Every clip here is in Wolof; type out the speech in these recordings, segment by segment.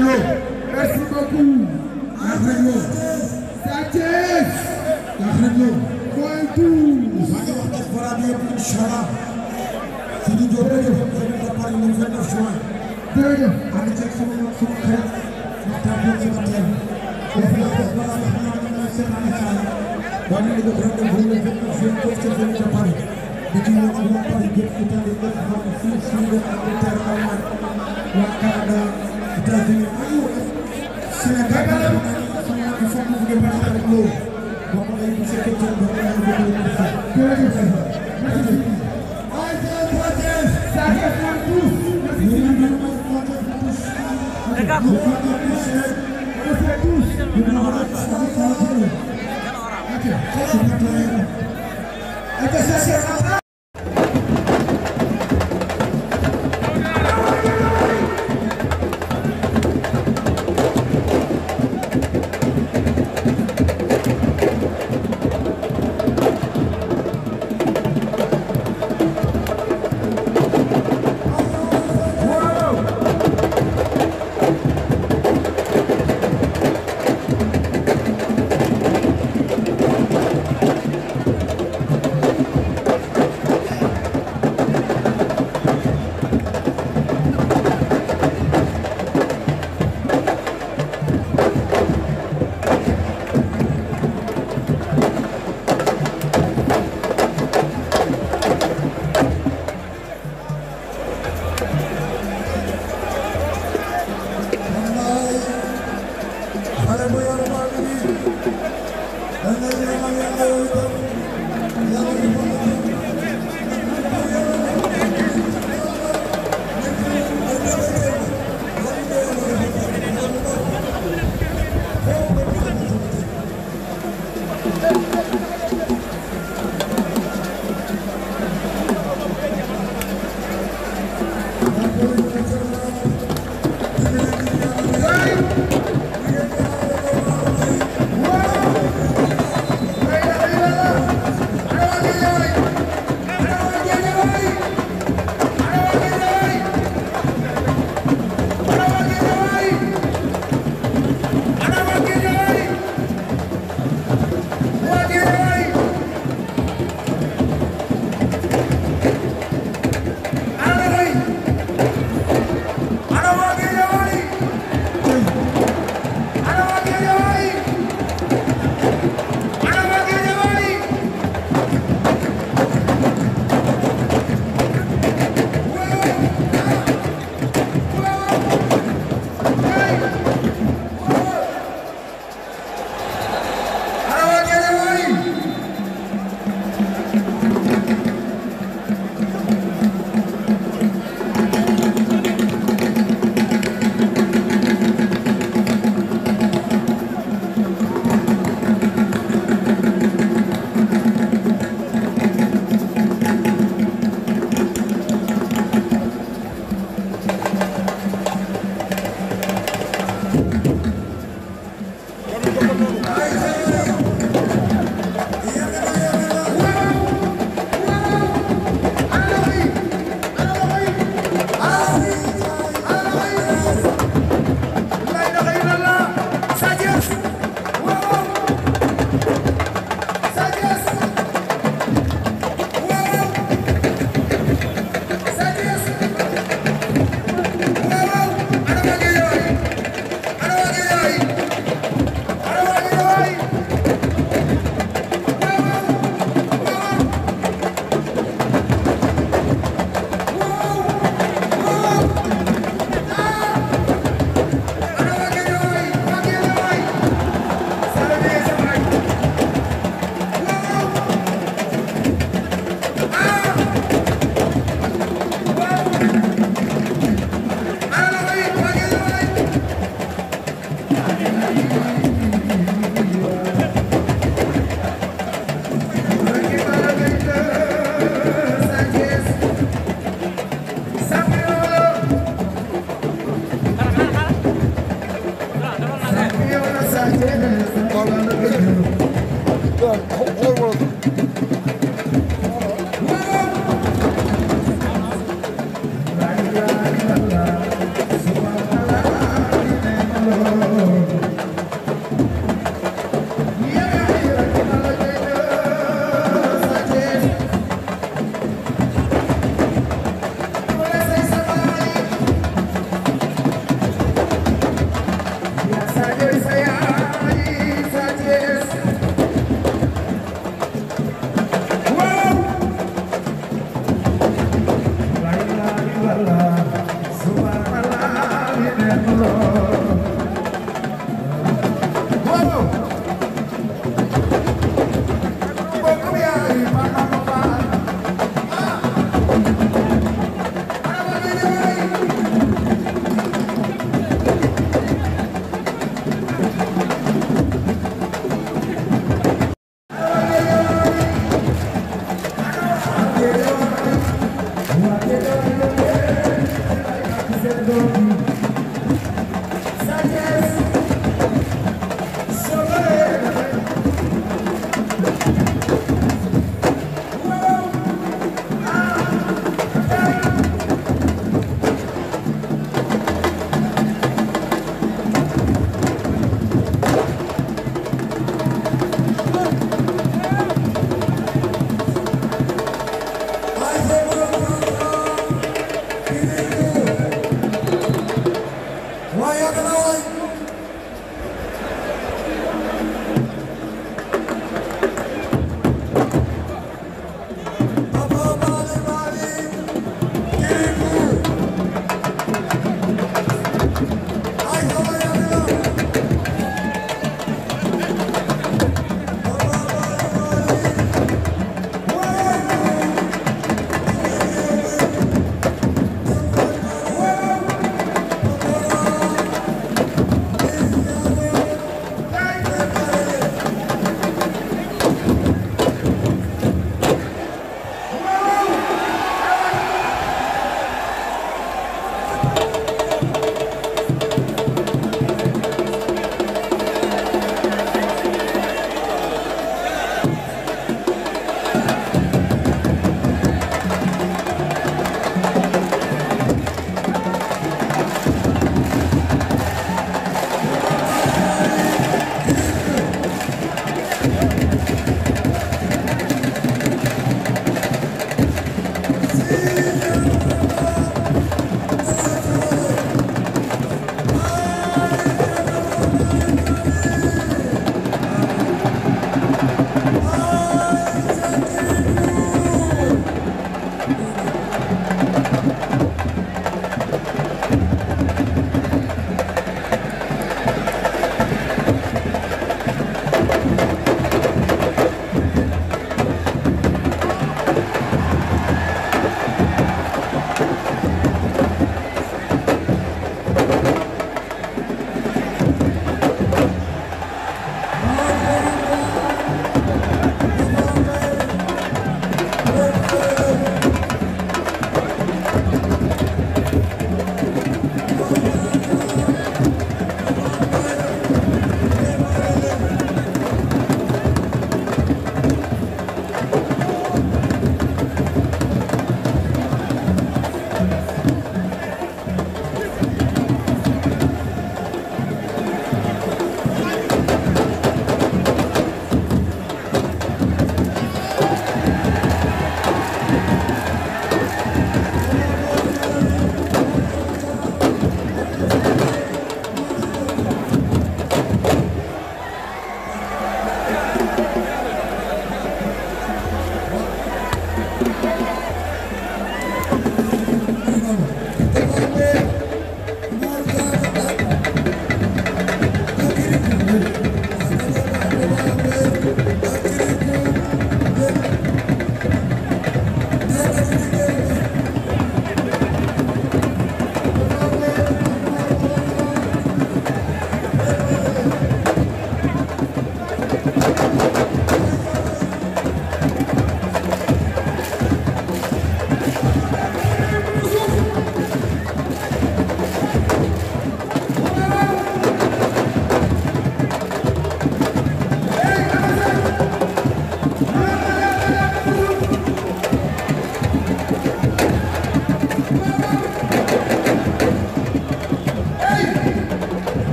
Lo merci beaucoup. Kaffrine Lo. Sa Thiès. Kaffrine Lo. mooy tuut. maa ngi wax diaspora bi yëpp incha allah. Sidi Diop Paris le 29 juin. jërëjëf. ànd ceeg sama sama xarit waxtaan bi ci ma teel. wax naa diaspora bi xam naa ne mooy seen année waa ñu ngi def rendez-vous le 29 juin foofu ca Vélingara de Paris. di ci woo ak waa Paris yëpp Italie yëpp xam fii Suède Angleterre Allemagne waa Canada. Brasil. Senegal il faut que vous débattiez avec l'eau. Donc on a eu cette question de Merci. Merci.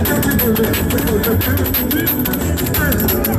Thank you.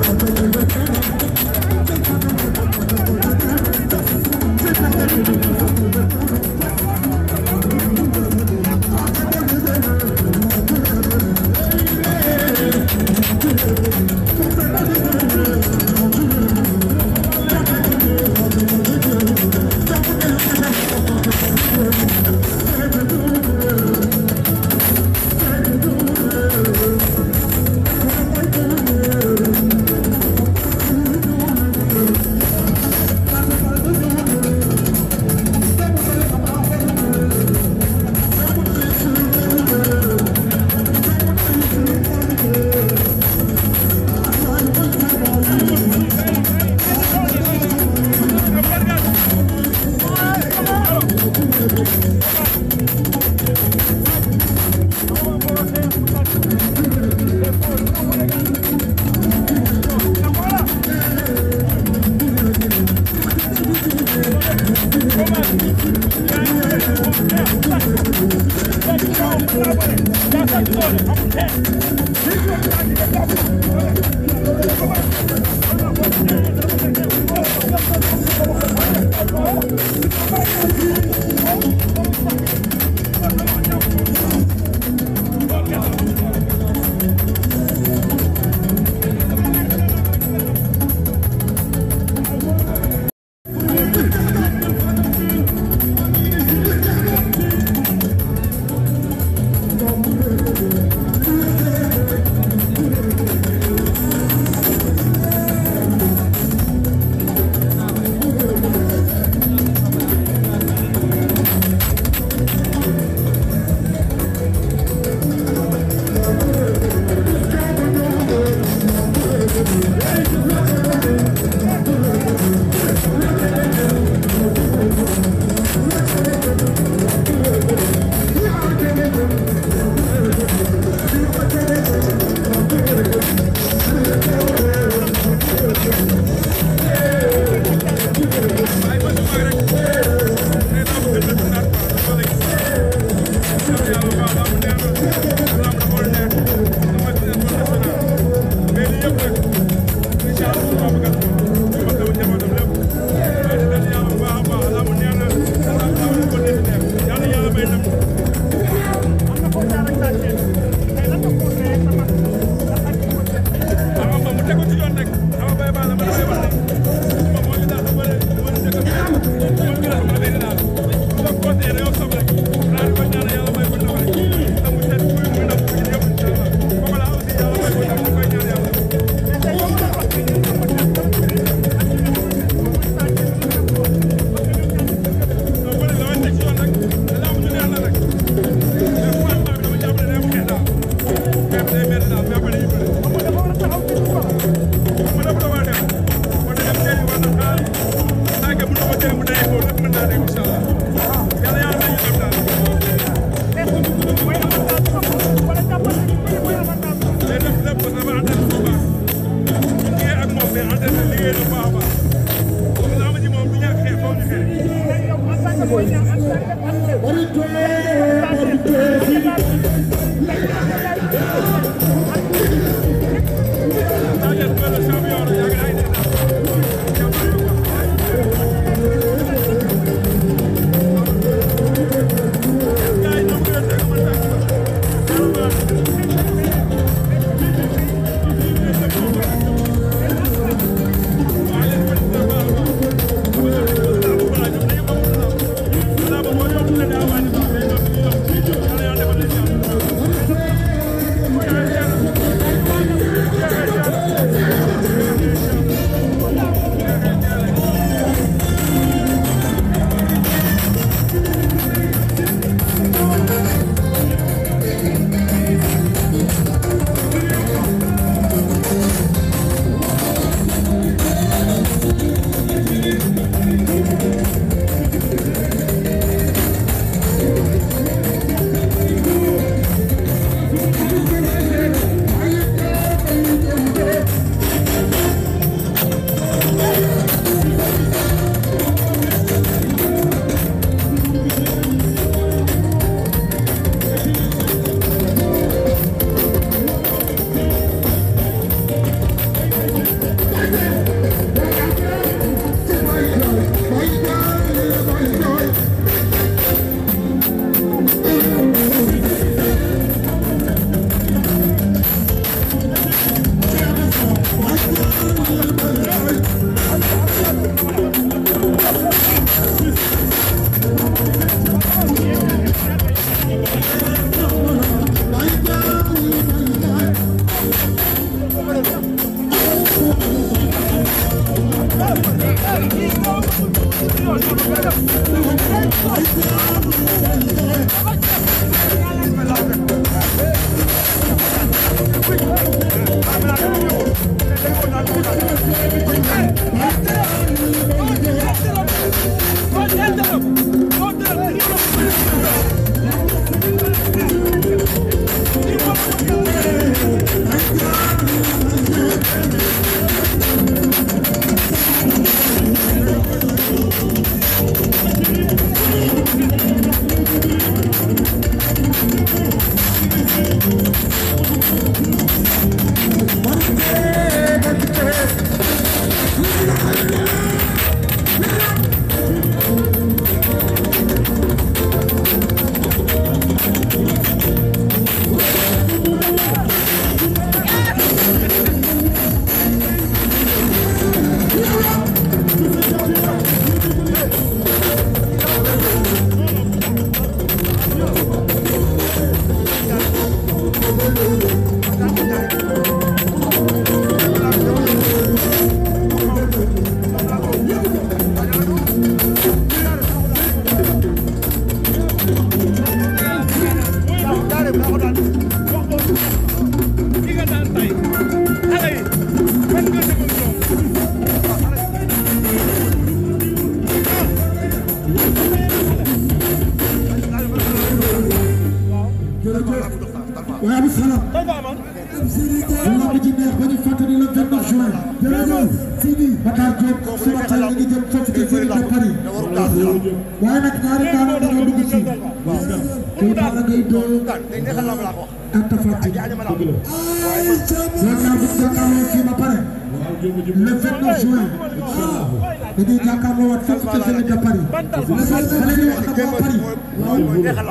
hôtel Sénégal Paris le président da leen wax na waa Paris waaw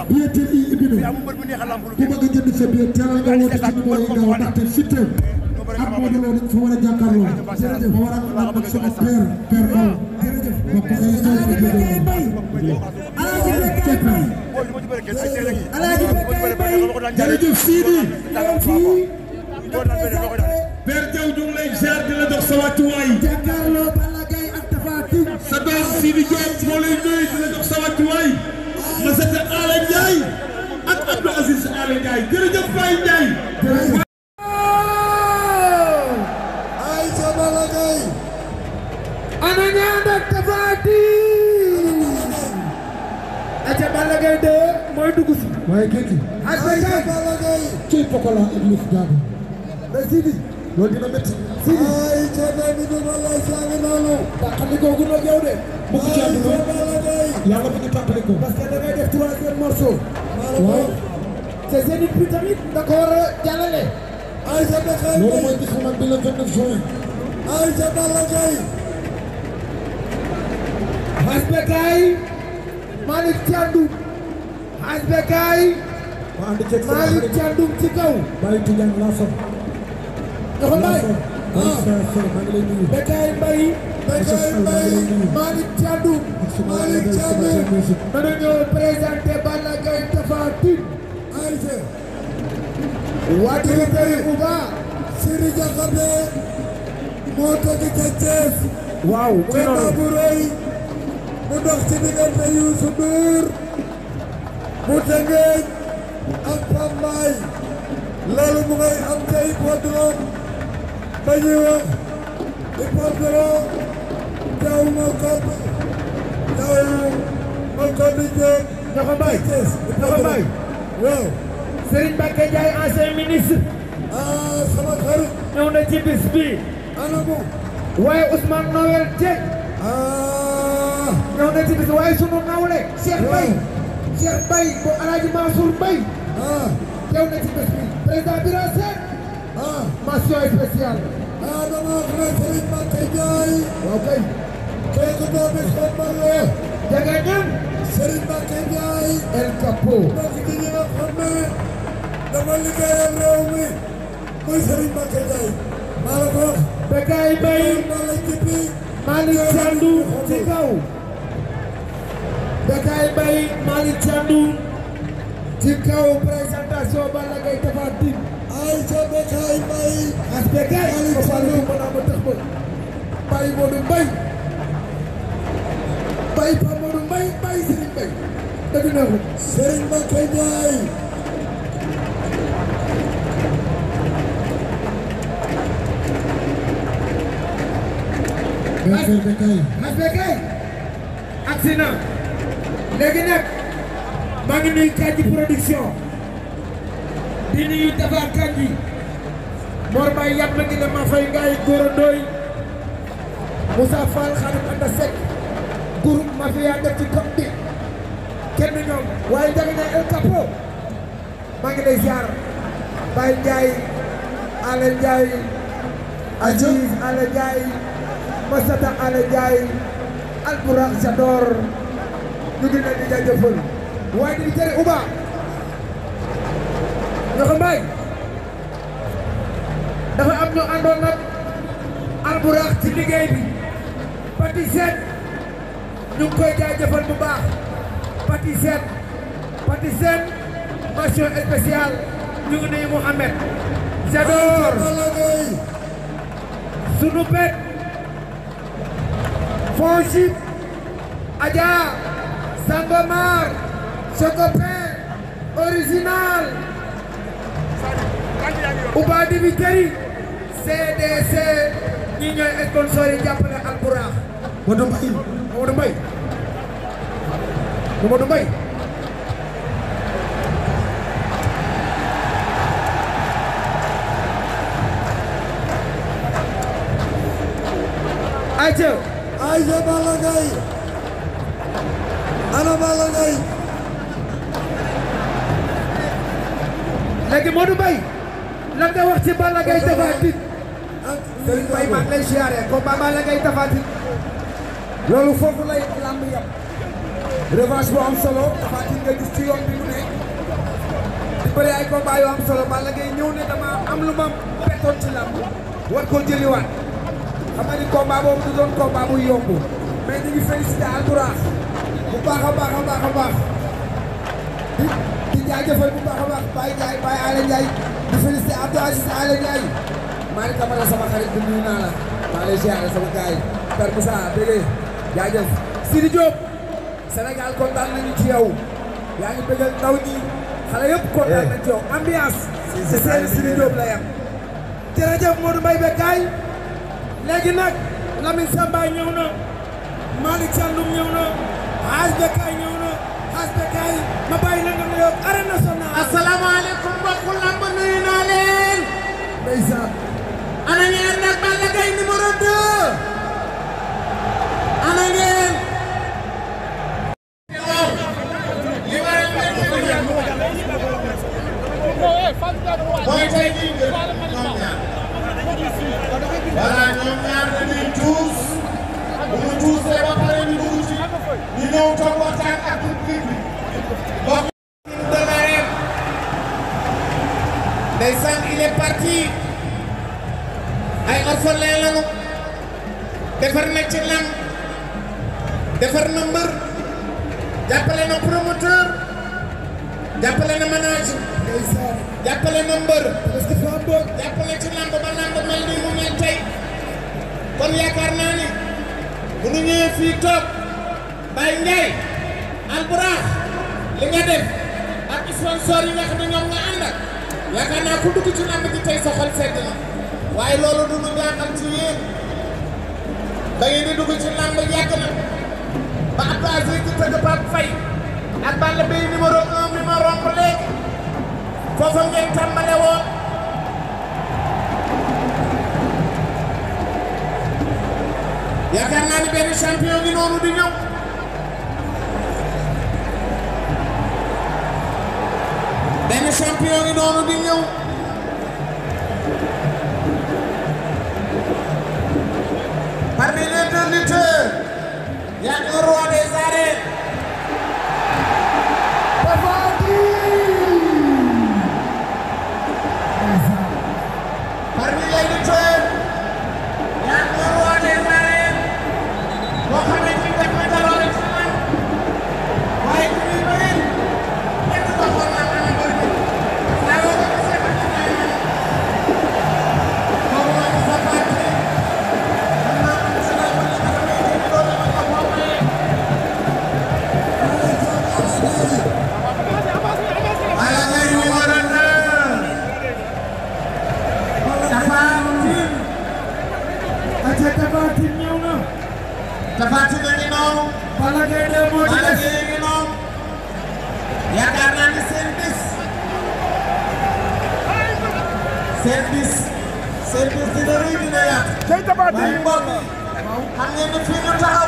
billet yi ibbi na ku bëgg a jënd sa billet teelal nga woote ci numéro yi gaaw ndaxte fitte ak moo daloo dañ fa war a jàkkaarloo jërëjëf fa war a ànd ak sama père père Fall mbokk ay soos bi jógee Alaaji jërëjëf Sidi fii père Diaw ñu ngi lay ziar di la jox sa wàccuwaay loolu mooy di xamal bi le 29 juin. ay ca Balla Gaye. Xass Bécaye. Malick Thiandoum. Xass Bécaye. ma andi ceeb sama xarit Malick Thiandoum ci kaw. Baye Tidiane Lassone. dafa bay ah Bécaye Mbaye. Bécaye Mbaye. Malick Thiandoum. Malick Thiandoum. dana ñëw présenter Balla Gaye Tapha Tine. ay ca. waa Tiri Tiri Uba. Yékini Diakhaté moo tëgg ca Thiès. waaw mu ngi noonu bu rëy mu dox ci diggante Youssou Ndour bu Tëngéej ak Pambaay loolu mu ngay am ca hippodrome ba ñuy wax hippodrome jaww ma kodd jaww ma kodd Diop. Diakhaté Thiès Diakhaté waaw. Serigne Mbacké Ndiaye ancien ministre. ñëw na ci bis bi waaye Ousmane Noël Dieng ñëw na ci bis waaye sunu nawle Cheikh Bay Cheikh Bay bu Alaaji Mansour Bay ñëw na ci bis bi président bi raa seet mention spéciale aa dama xalaat Sëriñ Mbacké Ndiaye waaw kay kay ko doomi Sëriñ Mbacké jaga ñam Sëriñ Mbacké Ndiaye El Capo ndax di ñu nga xam ne dama liggéeyal réew mi mooy Serigne Mbacké Ndiaye maa la ko wax Bécaye Mbaye Malick Thiandou ci kaw Bécaye Mbaye Malick Thiandou ci ay ca Bécaye Mbaye as Bécaye ko falu mo na mo tax ba Baye Modou Pa Modou Mbaye Baye Serigne Mbaye dëgg na ko Serigne Mbacké mas mas Bécaye na léegi nag maa ngi nuyu Kandji production di nuyu Tafar Kandji Mor Mbaye yàpp na dina ma fay ngaay Gora Ndoye Moussa Fall xarit Anta Seck groupe mafia def ci cop kenn ñoom waaye njagi El Capo maa ngi lay ziar Baye Ndiaye Alain Ndiaye Aziz Alain Ndiaye Massata Alé Ndiaye Albourakh Jador ñu ngi leen di jaajëfal waaye di jëre Uba ñoxo Mbaye dafa am ñu àndoon nag Albourakh ci liggéey bi Pati Sène ñu ngi koy jaajëfal bu baax Pati Sène Pati Sène mention spéciale ñu ngi nuyu Mouhamed Jador sunu pet Fonship, aja, Sangomar, Chocopin, Original, Ubadi Viteri, CDC, ñi ñoy sponsori jappale ak Bourax. Modou Mbaye, Modou Mbaye. ayca Balla Gaye ana Balla Gaye léegi Modou nga wax ci Balla Gaye Tapha loolu foofu lay lamb yam revanche bu am solo Tapha nga gis ci yoon bi mu ne di bëri ay combat yu am solo ñëw ne dama am lu ma bettoon ci lamb war koo jëliwaat xam nga ni combat boobu du doon combat muy yomb mais ñu ngi bu baax a baax a baax a bu baax a baax Baye Ndiaye Baye Alé Ndiaye di si Alé Ndiaye Malick Camara sama xarit bi la maa lay ziare sama gars yi Père Moussa Bégé jaajëf kontaan nañu ci yaa ngi bëggal ndaw xale yëpp kontaan nañu ci yow ambiance eh, ci seen Sidi Diop la yam jërëjëf Modou Mbaye Becaye léegi nag Lamine Samba ñëw na Malick Sandoum ñëw na Haas Bekay ñëw na Haas Bekay ma bàyyi la nga nuyoo arène nationale. asalaamaaleykum mbokku lamb nuyu naa leen. ndeysaan. ana ñi ànd ak Balla Gaye numéro 2. ndeysaan il est parti ay orphelin lañu defar na ci lam defar na mbër jàppale na promoteur jàppale na manage jàppale na mbër jàppale ci lamb ba lamb mel nii mu mel tey kon yaakaar naa ni bu ñu ñëwee fii toog Baye Ndiaye Albourakh li nga def ak sponsor yi nga xam ne ñoom yaakaar naa ku dugg ci làmb ji tey sa xol sedd na waaye loolu du nu jaaxal ci yéen ba ngeen di dugg ci làmb yàgg na ba Abdou Aziz di tëgg Pape Faye ak Balla Beye numéro un bi ma romb léegi foofa ngeen tàmbale woon yaakaar naa ni benn champion ngi noonu di ñëw Champion in Ronaldinho. Parmi les deux lutteurs, il y a Parmi les tey Tapha Tine. waaw xam ngeen ne fii ñu taxaw.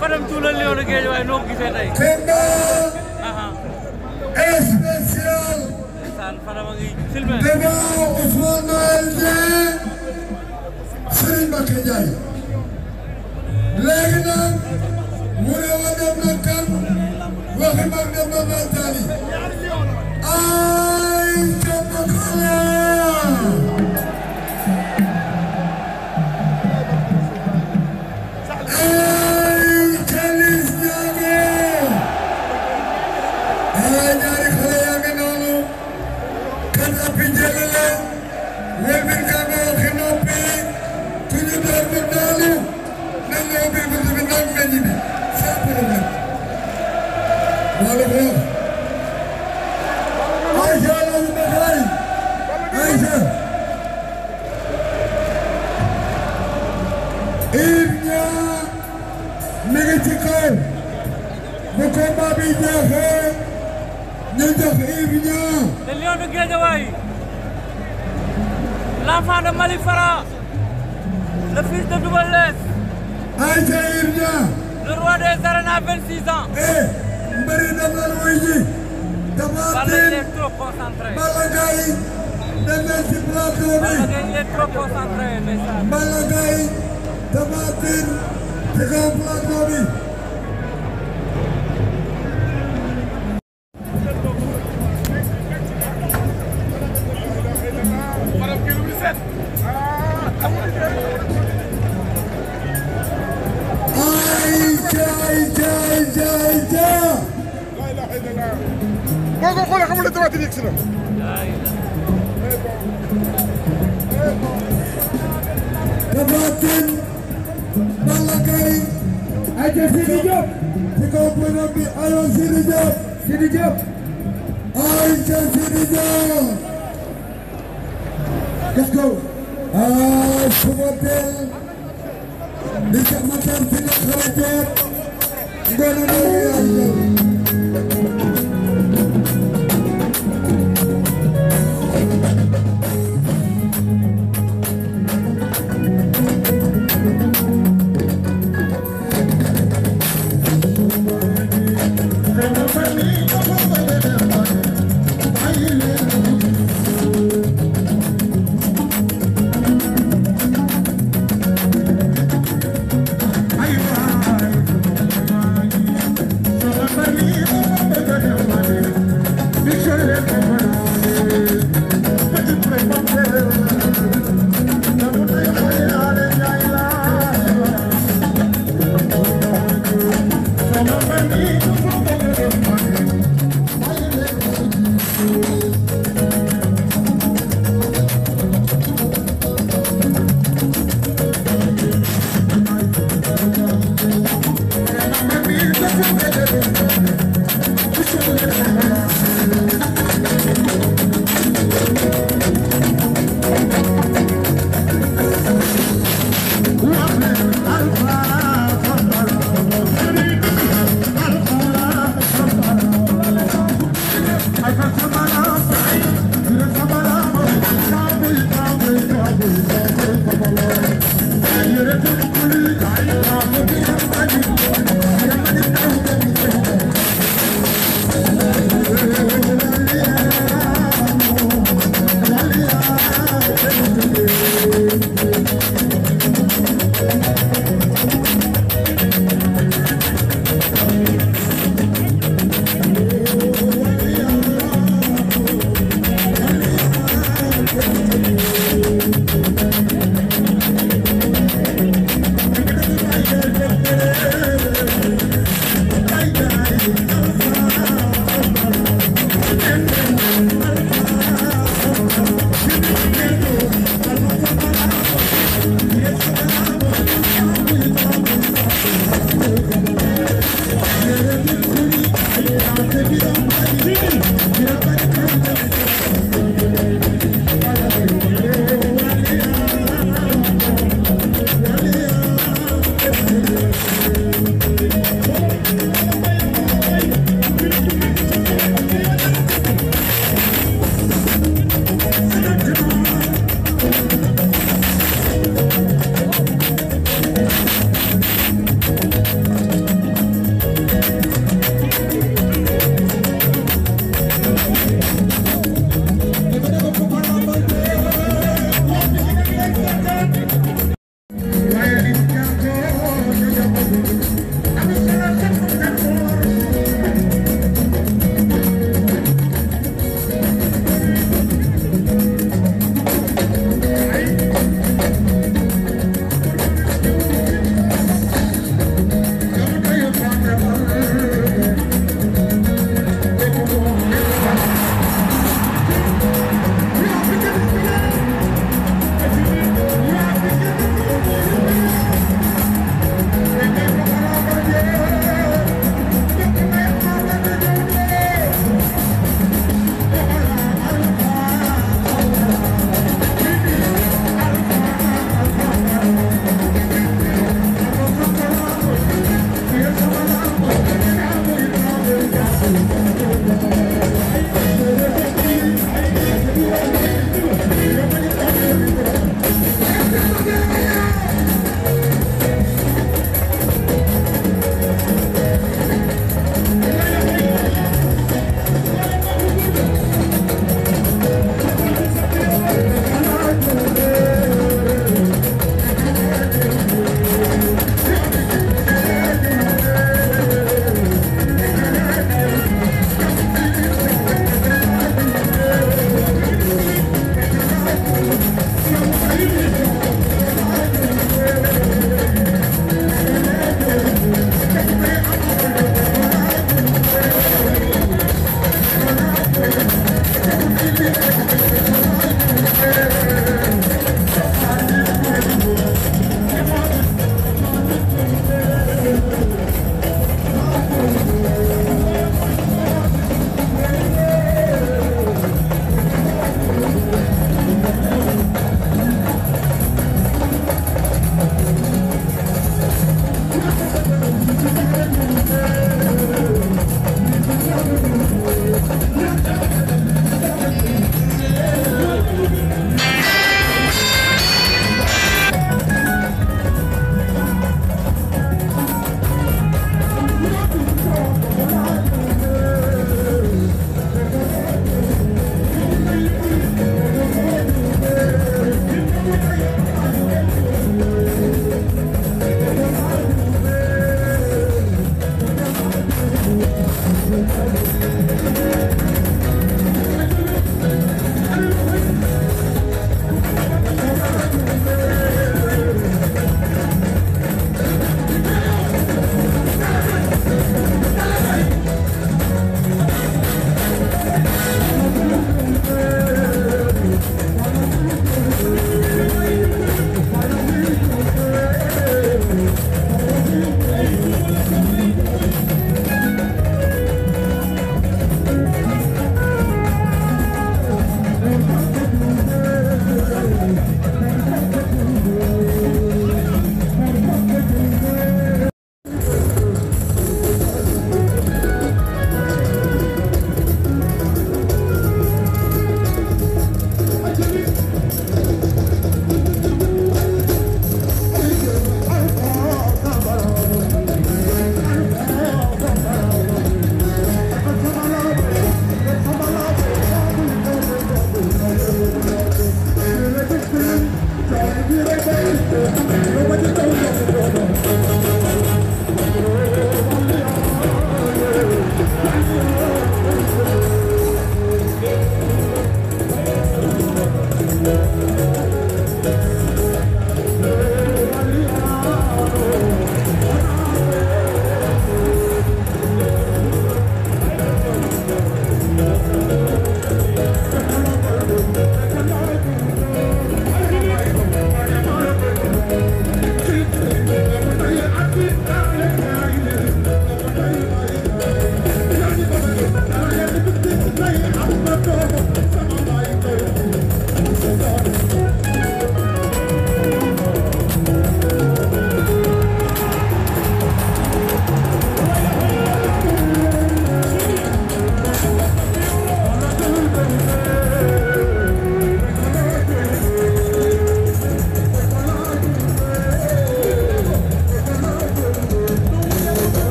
Fadam tuulal Lionu Guédiawaye noo gisee tey. combat spécial. a mu ne dem na kan waxi mag dem na Nathalie ay jàpp L'enfant de Malifara, le fils de Doubalès, le roi des arènes à 26 ans. mbëri dem nañ wuy ji Tapha Tine Balla Gaye dem nañ ci plateau bi Balla Gaye Tapha Tine ci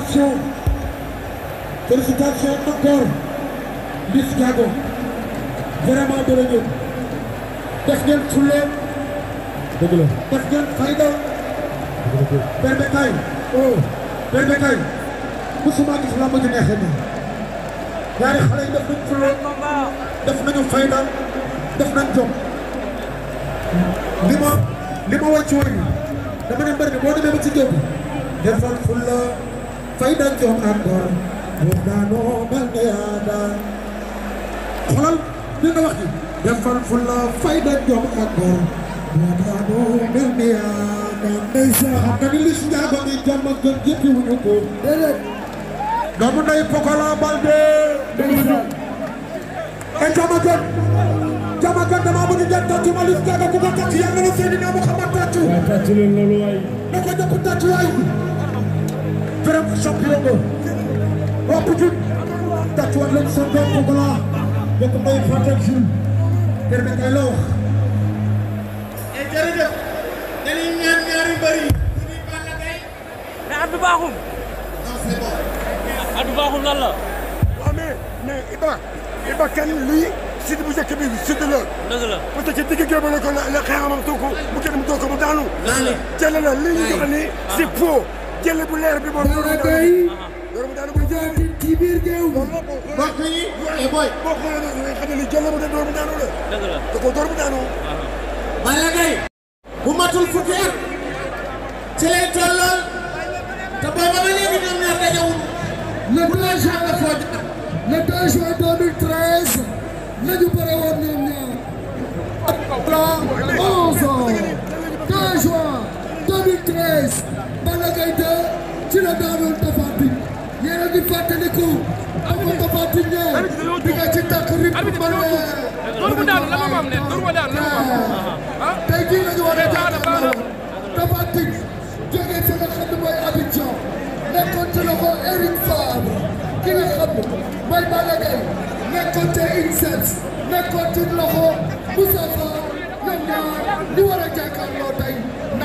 félicitations félicitations encore Miss Diago vraiment dala ñëw def ngeen fulla dëgg la def ngeen fayda Père Bécaye oh Père Bécaye musuma gis làmb ju neexee dañ ko àndal buur daanoo mel ne yaa daan xoolal li nga wax ni defal fu la fay dañ ko àndal buur daanoo mel ne yaa daan ndeysaan xam nga ni li si njaago ni jàmm ak gën jëppi wuñu ko déedéet doomu ndey Pokola Balde déedéet ay jamagan jamagan dama bëgg ngeen tàccu ma li si njaago ku ko tàccu yàlla na Seydina Muhammad tàccu tàccu leen loolu waay na ko jàpp tàccu waay Perem Shapilongo Wapujut Tachuan Lung Sandon Kukala Yokumai Fatak Shul Perem Kailo Ejarida Dari Nyan Nyari Bari Ini Palagai Na Abdu Bahum Abdu Bahum Lalla Wame Ne Iba Iba kan li سيدي بوزا كبير سيدي لا لا لا وانت تديك جابوا لك لا خير ممتوكو ممكن ممتوكو مدانو لا لا لا لا لا لا لا لا لا jël bu leer bi moom. loolu koy jël ci biir géew mbokk yi ay boy. boo xoolee nga xam ne li jël bu ne doomu daanu la. dëgg la da koo doomu daanu. Balla Gaye bu matul fukki at ci lay tolloon te booba ba léegi ñoom ñaar dajewul le deux juin la foo jot le deux juin 2013 la ñu bëre woon ñoom ñaar. 11 2 juin 2013. Balla Gaye ci la daanoon Tapha Tine di fàttaliku amoo Tapha Tine ñëw bi nga ci takk rip mbala ah? a jàkkaarloo Tapha ne mooy loxo Eric Fabre ki nga xam mooy Balla Gaye nekkoon ci INSEPS nekkoon loxo Moussa Fall ñoom ñaar ñu war a jàkkaarloo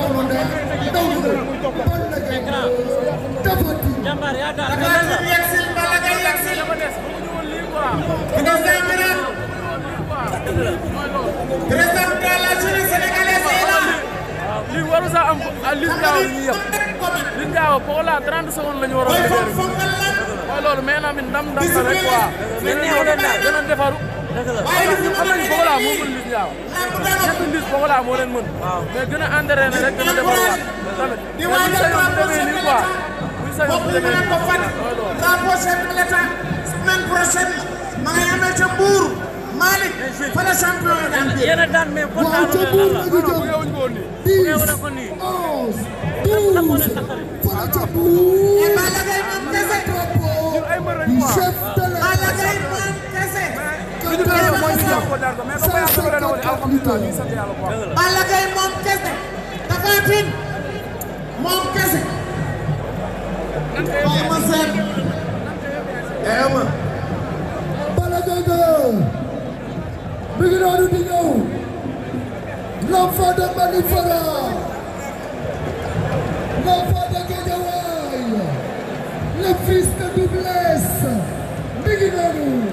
secondaire ndaw ñu doon Balla Gaye lii waru sa am Liss Ndiago ñuy yem. Liss Ndiago pour la 30 secondes mooy loolu mais nag ndam ndam la rek quoi. ñoo doon daal gën waaye nit ñi xam nañu Pokola moo mën Liss Ndiago. ñëpp Liss Pokola moo leen mën. waaw mais gën a entraîné rek gën a defarwaat. tamit mais bu ñu sañoon bu demee nii quoi bu ñu sañoon bu demee nii quoi loolu. drapeau chef de l'État semaine prochaine ma ngay amee ca Mbour Malick fa la champion yéen a daan mais kontaan na leen lan la non non bu ko nii bu ngeen ko nii. lan moo leen naqari. et Balla Gaye moom kese. ñun ay mbër lañu quoi Balla Gaye moom. Balla Gaye moom kese dafa tin moom kese Eumeu Sène Eumeu Balla Gaye doo mi ngi noonu di ñëw l'enfant de Malifara l'enfant de Guédiawaye le fils de Double Less mi ngi noonu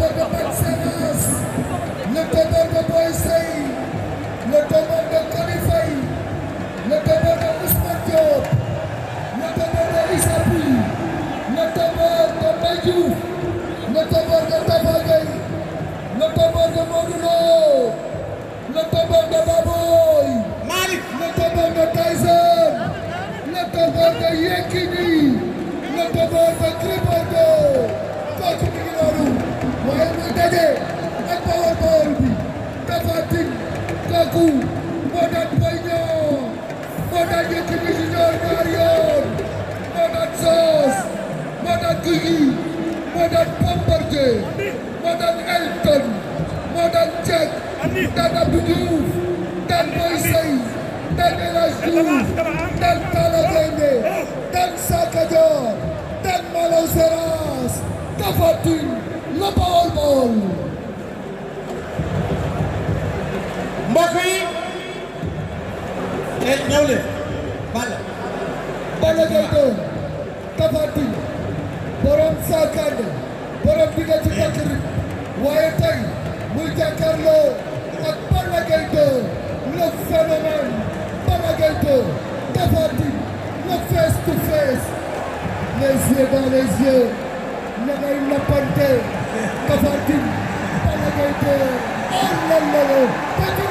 Modou Lo le tonton de Baboy Malick le tonton de Tyson le tonton de Yekini le tonton de Triple Door kooku mi ngi noonu waaye muy daje ak Bawol Bawol bi Tapha Tine kooku moo daan Boy Niang moo daan Yekini Junior ñaari yoon moo daan Zoss moo daan Gouye Gui moo daan Bombardier Assane Diack daan Abdou Diouf daan Boy Sey daan El Hadj Diouf daan Talla Gaindé daan Sakka Dior daan Malaw Seras Tapha Tine la Bawol Bawol mbokk yi e ñëw leen Balla Balla Gaye 2 Tapha Tine borom Sakka Dior borom bi nga ci les yeux nangay nappante Tapha Tine Balla Gaye 2 oh là là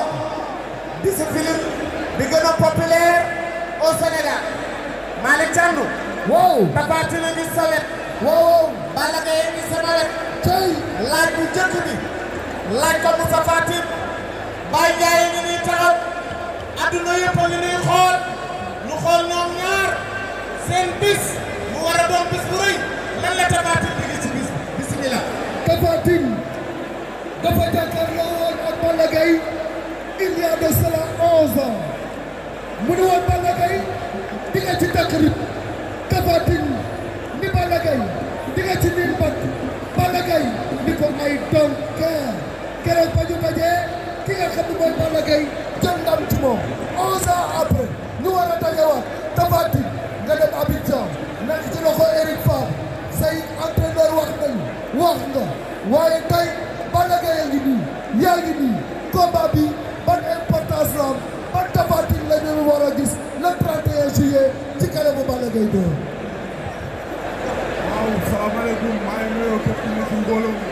au Sénégal Malick Thiandou wow Tapha Tine a ngi sa wet wow Balla Gaye a ngi sama wet tey laaj bu njëkk bi laaj ko Moustapha Tine Baye Ndiaye ngi nii taxaw adduna yëpp a ngi nii xool ñu xool ñoom ñaar seen bis mu war a doon bis bu rëy lan la Tapha Tine bi ngi ci bis bismillah Tapha Tine dafa jàkkaarloo woon ak Balla Gaye il y a de cela onze ans mu ne woon takk rib Tapha Tine ni Balla Gaye di nga ci niin bat Balla Gaye ni ko ay doon kaa keroog ba ñu dajee ki nga xam ne mooy Balla Gaye jël ndam ci moom onze ans après ñu war a dajewaat Tapha Tine nga dem Abidjan nekk ci loxo Eric Fabre say entraîneur wax nañu wax nga waaye tey Balla Gaye a ngi nii yaa ngi nii combat bi ban importance la am ban Tapha Tine la ñu war a gis le 31 juillet xale bu waaw salaamaaleykum maa ngi nuyoo képp ku nekk mbooloo mi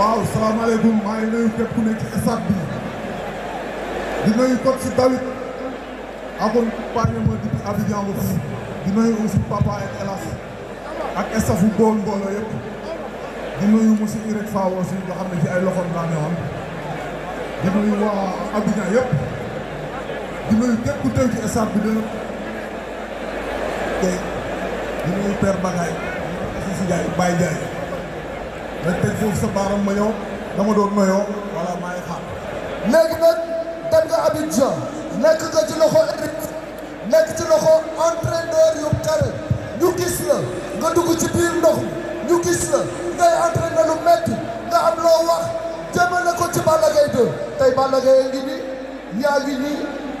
waaw maa ngi nuyu képp ku ci stade bi di nuyu coach David accompagné ma depuis Abidjan ba fii di nuyu aussi papa Elas ak staff bu góor mbooloo yëpp di nuyu monsieur Irek Fawo aussi nga xam ne ci ay loxoom laa ne woon di nuyu waa Abidjan yëpp. di nuyu képp ku teew ci stade bi dana tey di nuyu Père Bagaay si si Jaay Baye Jaay dañ teg foofu sa baaram ma ñëw dama doon noyoo wala maa ngi léegi nag dem nga Abidjan nekk nga ci loxo Eric yu kare ñu gis la nga dugg ci biir ndox ñu gis la ngay entraîné lu metti nga am loo wax jëmale ko ci Balla tey Balla ngi nii yaa ngi nii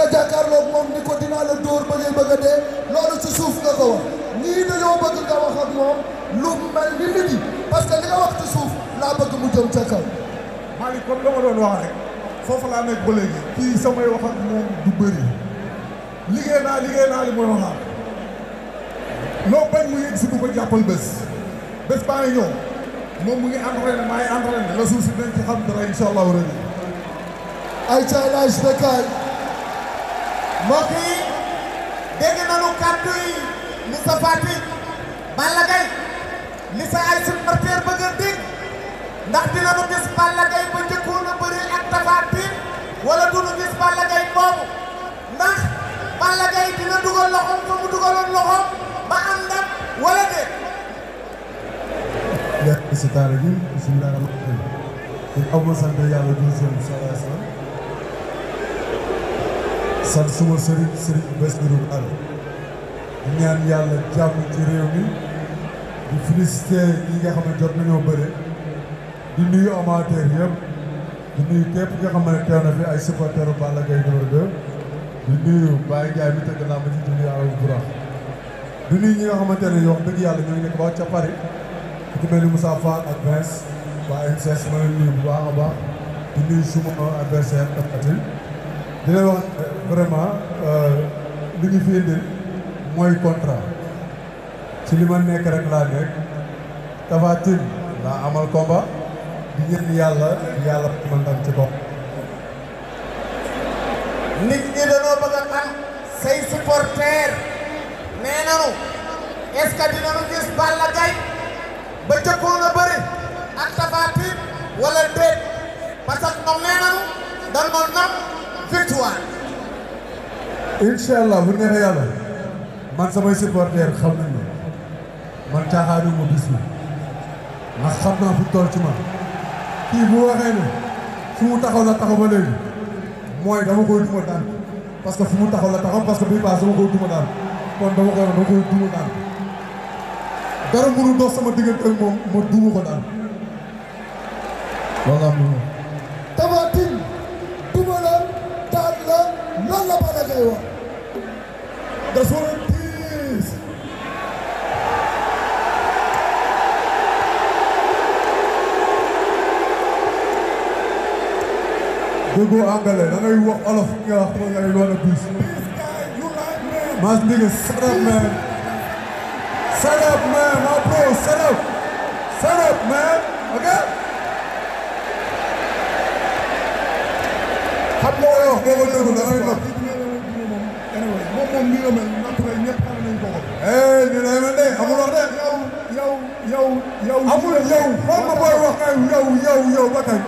nga jàkkaarloog moom ni ko dinaa la dóor ba ngay bëgg a dee loolu ci suuf nga ko wax ñii dañoo bëgg nga wax ak moom lu mel ni libi parce que li nga wax ci suuf laa bëgg mu jëm ca kaw. Malick comme dama doon wax rek foofu laa nekk ba léegi kii samay wax ak moom du bëri liggéey naa liggéey naa li mu waxaat loo bañ mu yegg si du ko jàppal bés bés baa ngi ñëw moom mu ngi entraîné maa ngi entraîné la suuf si dinañ ci xam dara incha allahu rabi. ay ca laaj de kaay. mbokk yi dégg nañu kàddu yi Moussa Fatick Balla Gaye li sa ay supporters bëgg a dégg ndax dinañu gis Balla Gaye ba njëkkoon a bëri ak Tapha Tine wala duñu gis boobu ndax Balla dina dugal loxoom mu dugaloon loxoom ba am ndam wala déet. lépp si taal a ji bisimilah rahmaani rahiim. aw ma sant yàlla jërëjëf Moussa sant suma sëriñ sëriñ Bassirou Alla di ñaan yàlla jàmm ci réew mi di félicité ñi nga xam ne jot nañoo bëre di nuyu amateur yëpp di nuyu képp nga xam ne teew na fi ay supporteru Balla Gaye numéro 2 di nuyu Baye Ndiaye mi tëgg naa ma ci di nuyu di nuyu ñi nga xamante ne wax yàlla ñoo nekk ba ca Paris ku ni Moussa Fall ak Vince waa INSES ma leen nuyu baax a baax di nuyu suma adversaire Tapha Tine di leen wax vraiment li fi indi mooy contrat ci li ma rek laa nekk Tapha Tine amal combat di ñaan yàlla yàlla ma ndam ci bopp. nit ñi dañoo bëgg a say supporters nee est-ce que dinañu gis Balla Gaye ba jëkkoon a bëri ak Tapha wala déet parce que moom nee nañu dañoo nam victoire. incha allah bu neexee yàlla man samay supporter xam nañ ma man caaxaanu ma bis bi ndax xam naa fu toll ci ma kii bu waxee ne fu mu taxaw la taxaw ba léegi mooy dama koy duma daan parce que fu mu taxaw la taxaw parce que bii paas dama koy duma daan kon dama koy dama koy duma daan dara mënu dox sama diggante ak moom ma duma ko daan walla Iowa. That's what it is. Google Angelen, I know you want all of your clothes that you want to be. Mas niggas, set up, man. Set up, man. My bro, set up. Set up, man. Okay? Hamburger, Hamburger, Hamburger. eh ñu ne ma de amul wax de. yow yow yow yow. amul yow man ma booy wax ay yow yow yow ba tey.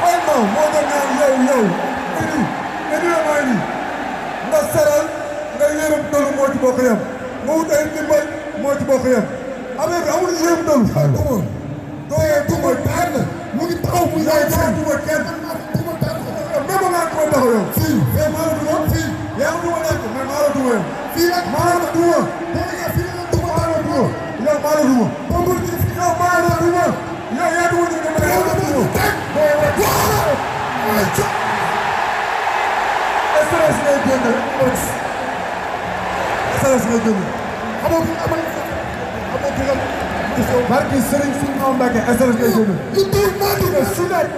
fay ma moo doon naan yow yow. indi indi la maa indi. nga saral nga yërëm dolu moo ci bokk yam. nga wut ay ndimbal moo ci bokk yam. affaire bi amul yërëm dolu. xaaral doo tuma taxaw na mu ngi taxaw mu yaay sax tuma kenn. même maa ngi ko taxaw yow. fii mais maa la duma fii yaa ngi duma nekk mais maa la duma yow. fii nag maanaam duma boo ñëwee fii nag duma maanaam duma yow maanaam duma ba mu ci fii yow maanaam duma yow yaa duma ñu dama yow dama duma boo yow duma stress ngay génn stress ngay génn xamoo fi amal xamoo fi nga barki sëriñ si ñoo mbàkke stress ngay génn su nekk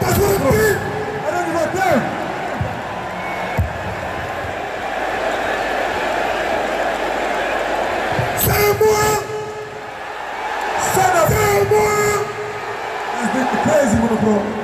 parce que 앞으로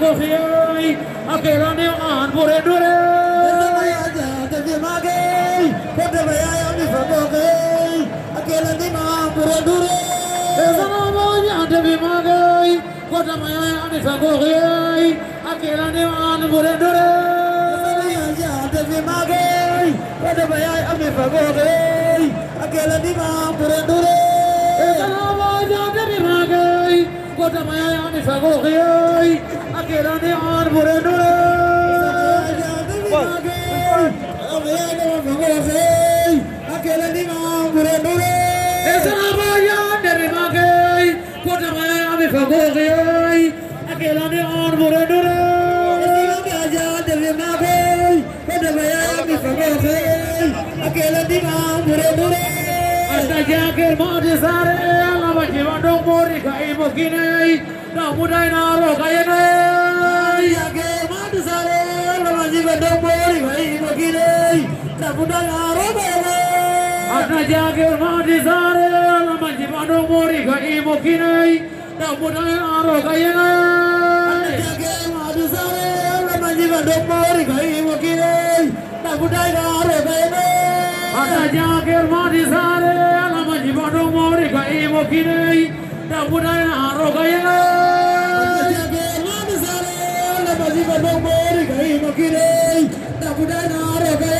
को खियाई अकेला ने आन पूरे डरे अकेला दिन पूरे डरे मांगे कोटा माया ने सगो खियाई अकेला ने आन पूरे डरे मांगे कोटा माया ने सगो खियाई अकेला दिन पूरे डरे माया ने सगो खियाई Quiero de amor, moreno. Aquela de ar, moreno. Aquela de ar, moreno. Hasta ya que el monte sale, la va llevando un borrica y mosquina y la muda y roca y no Mari age madu sare lamaji badam bori bhai magire tabudang arobere Adna jage madu sare lamaji badam bori bhai magire tabudang arogayena Adna jage madu sare lamaji badam bori bhai magire tabudang arogayena Adna jage madu sare lamaji அதிபர் கை மகிழை தகுடனாரகை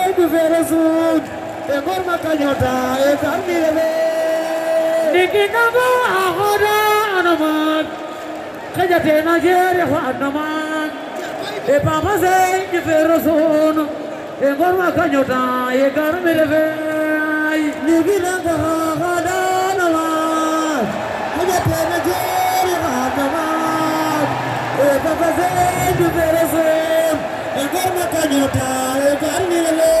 Bivere Sud, Egor Makanyota, Ekan Milebe. Nikinabo Ahoda Anaman, Kajate Najer Anaman, Epamase e Bivere Sud, Egor Makanyota, Ekan Milebe. Nikinabo Ahoda Anaman, Kajate Najer Anaman, Epamase Bivere Sud, Egor Makanyota, Ekan Milebe.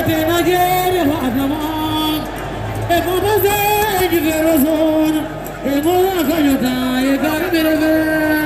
دلت نگیر همزمان به ما بزرگ برسون به ما خیلی دای در برسون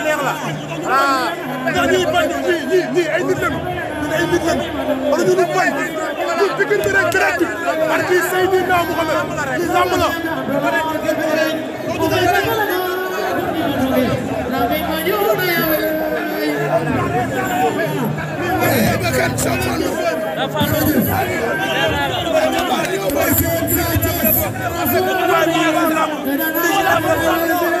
la ah. ndax ñuy bañ ñii ñii ñii ay nit lañu ñun ay nit lañu wala ñu ngi béy ñun pikin bi rek direct parti Seydina Mouhamed ñu sàmm la. Thank you.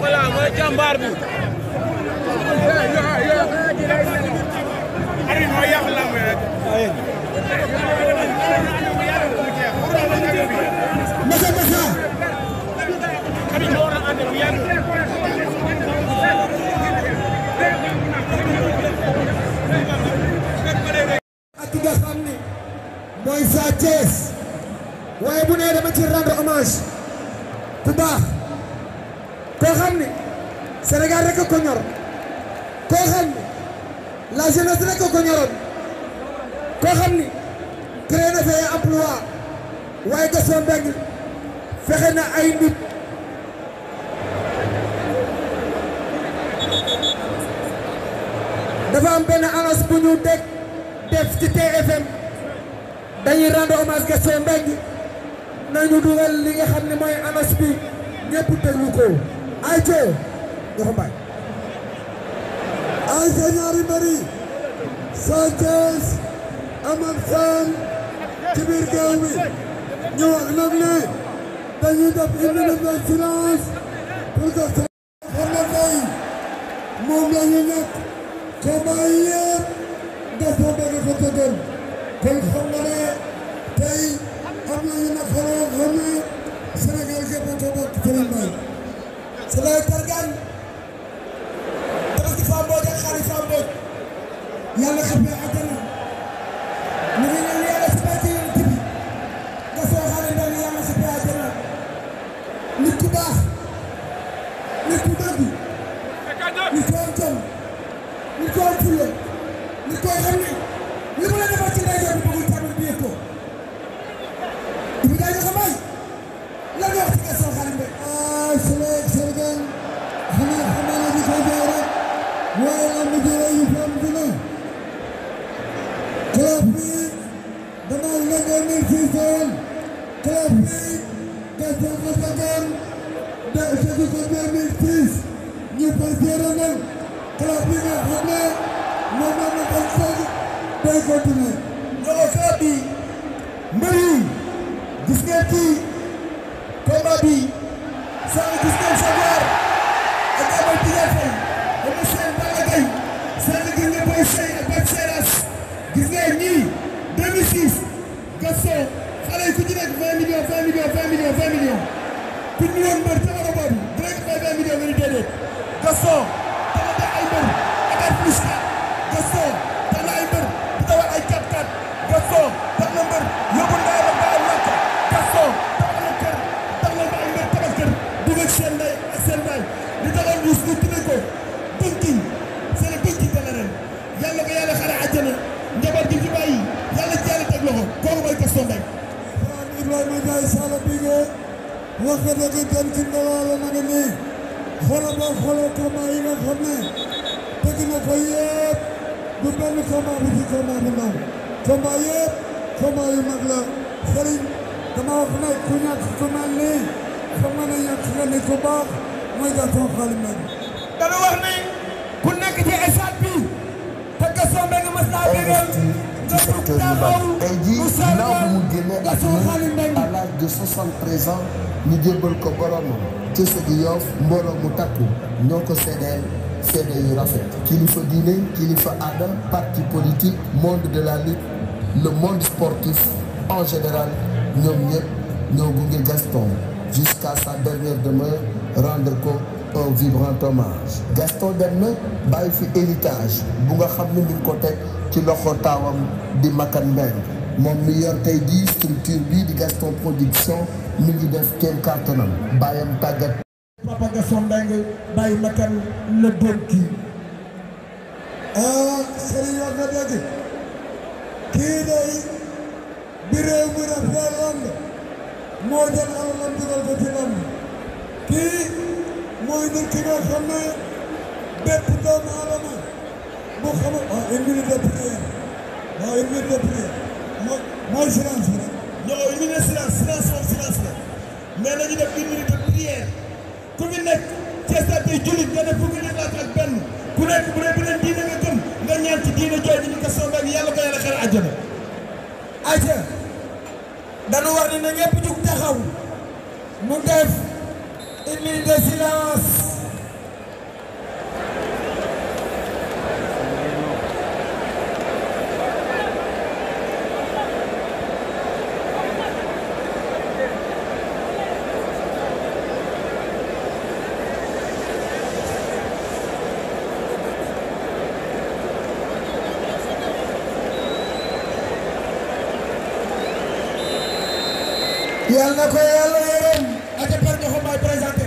voilà mooy jàmbaar bi. ari mooy yàq lamb rek. monsieur Moussa. ñu dugal li nga xam ne mooy anas bi ñëpp déglu ko ay co dafa mbay ay ca ñaari mbëri Sanchez Amath Sène ci biir géew bi ñu wax nag ne dañuy def une minute de silence pour que xamante yi moom la ñu nekk combat yi yëpp dafa bëgg ko tëddal kon xam nga ne ñu na faloo xam ne Sénégal gépp ko bokk Serigne Mbaye sa lay targaan tabaski Fambodj ak xarit Fambodj yàlla xam ne ñoo bi mbër yi gis ngeen ci combat bi sànq gis ngeen Jaguar ak Ama Tidiane Faye Eumeu Sène Balla Gaye sànq gis ngeen Boy Sèye ak Bac Seras gis ngeen ñii 2006 Gaston xale yi ku ci nekk 20 millions 20 millions ca Maroc boobu dina ko fay 20 millions nga ni déedéet ay mbër ak waxtaanee dem ci ndawaro ma nga nii ba xoolal combat yi nga xam ne na ko du benn combat bu ci combat bu ndaw combat yëpp combat yu mag la sëriñ dama wax ne ku ñàkk ku mel nii xam nga ne ñàkk nga ni ku baax mooy Gaston Mbengue. dana wax ni ku nekk ci état bi te Gaston Mbengue mas naa déggal nga dugg taxaw mu sori ba Gaston Mbengue. de 63 ans nous devons ko boromam ci sëgi parti politique monde de la lutte le monde sportif en général nous Gaston jusqu'à sa dernière demeure rendre compte un vibrant hommage Gaston héritage bu nga xam moom mi yor tey jii structure bii di Gaston Production mi ngi def kenn kàttanam bàyyam tàggat papa Gaston Mbengue bàyyi makan la doon kii ah bi réew mi daf lay lamb moo jël alalam dugal ko ci lamb kii mooy nit ki nga xam ne bépp doomu aadama bu xamul ah une minute de prière ah une minute mooy mooy silence bi. non li ñu ne silence silence moom silence la mais nañu def une minute ku fi nekk Thiès daal jullit nga def fukki nit ak benn ku nekk bu dee beneen diine nga nga ñaan ci jooju ñu ko soxla ak yàlla ko yàlla xel àjjana. ayca dañu war ne na ñëpp jug taxaw mu def une minute yàlla na ko yàlla yërëm ak par nga xam may présenté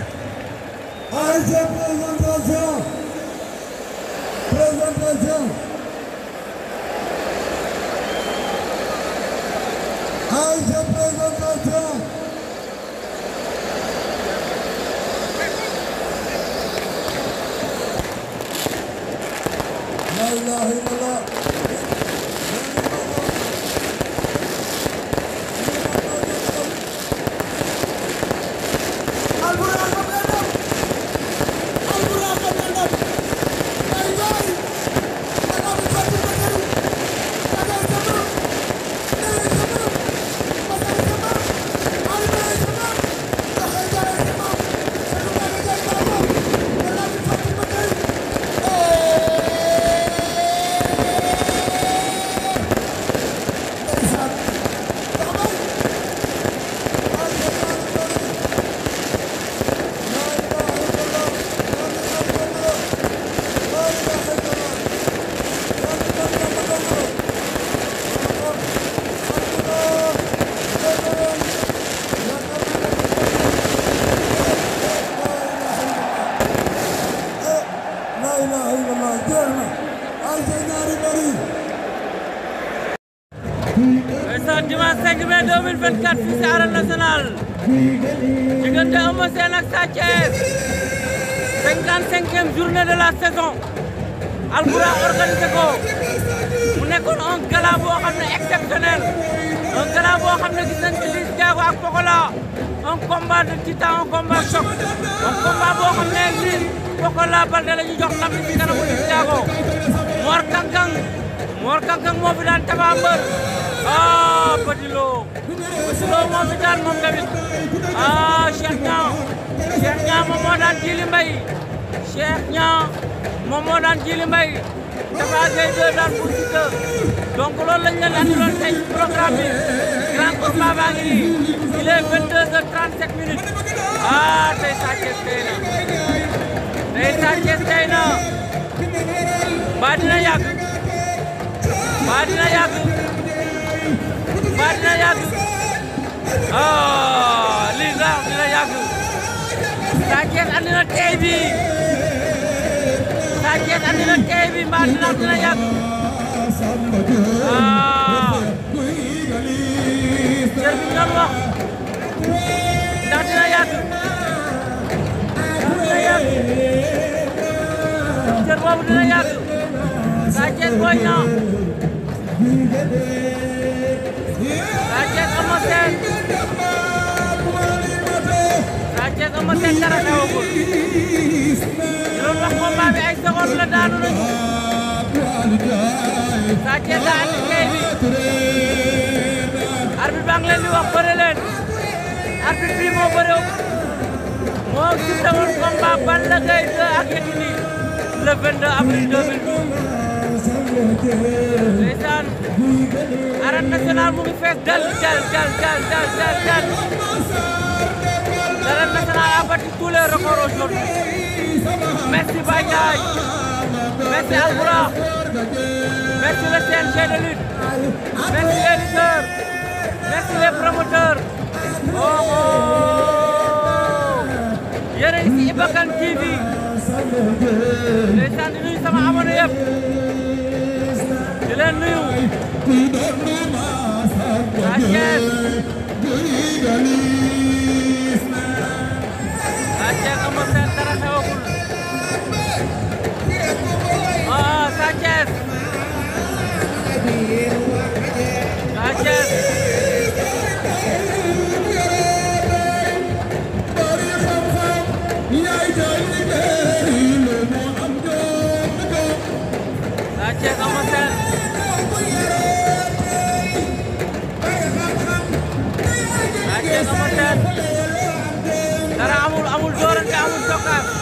2024 fii si arène nationale diggante Eumeu Sène ak Sa Thiès 55e journée de la saison Alboura organisé ko mu nekkoon un gala boo xam ne exceptionnel un gala boo xam ne gis nañ ci ak Pokola un combat de titan un combat choc un combat boo xam ne Liss Pokola Baldé la ñu jox ndam ci kanamu Liss Ndiago Mor Kankang Mor Kankang moo fi daan Tapha Mbeur ah Petit Lo Petit Lo moo daan moom tamit ah Cheikh Niang Cheikh daan Djily Mbaye Cheikh Niang daan Djily Mbaye Tapha Gueye daan Bou Siteu donc lañ leen andiloon tey ci programme bi grand combat ngi nii il est 22h37 minutes ah tey Sa tey na tey Sa tey na mbaa dina yàgg mbaa mbaa dina yàgg ah lii sax dina yàgg Sa Thiès andi na tey bi Sa Thiès andi na tey bi mbaa dina dina yàgg ah Thiès bi doon wax ndax dina yàgg ndax dina yàgg Thiès boobu dina yàgg Sa Thiès Boy Niang Sa Thiès Eumeu Sène Sa Thiès Eumeu Sène dara xewagul loolu wax combat bi ay seconde la daanu nañu Sa Thiès a andi kay bi arbitre baa ngi leen di wax bëre leen arbitre bi moo bëre moo gis woon combat Balla Gaye 2 ak Yékini le 22 avril 2012 ndeysaan arène nationale mu ngi fees dal dal dal dal dal dal dal l'arène nationale a battu tous les records aujourd'hui merci Baye Ndiaye merci Alboura merci le CNG de lutte merci les lutteurs merci les promoteurs oh oh yéen a ngi ci Iba Kane TV ndeysaan di nuyu sama amoon yëpp leen nuyu Thiès Sa Thiès Eumeu Sène dara xewagul ah Sa Thiès 在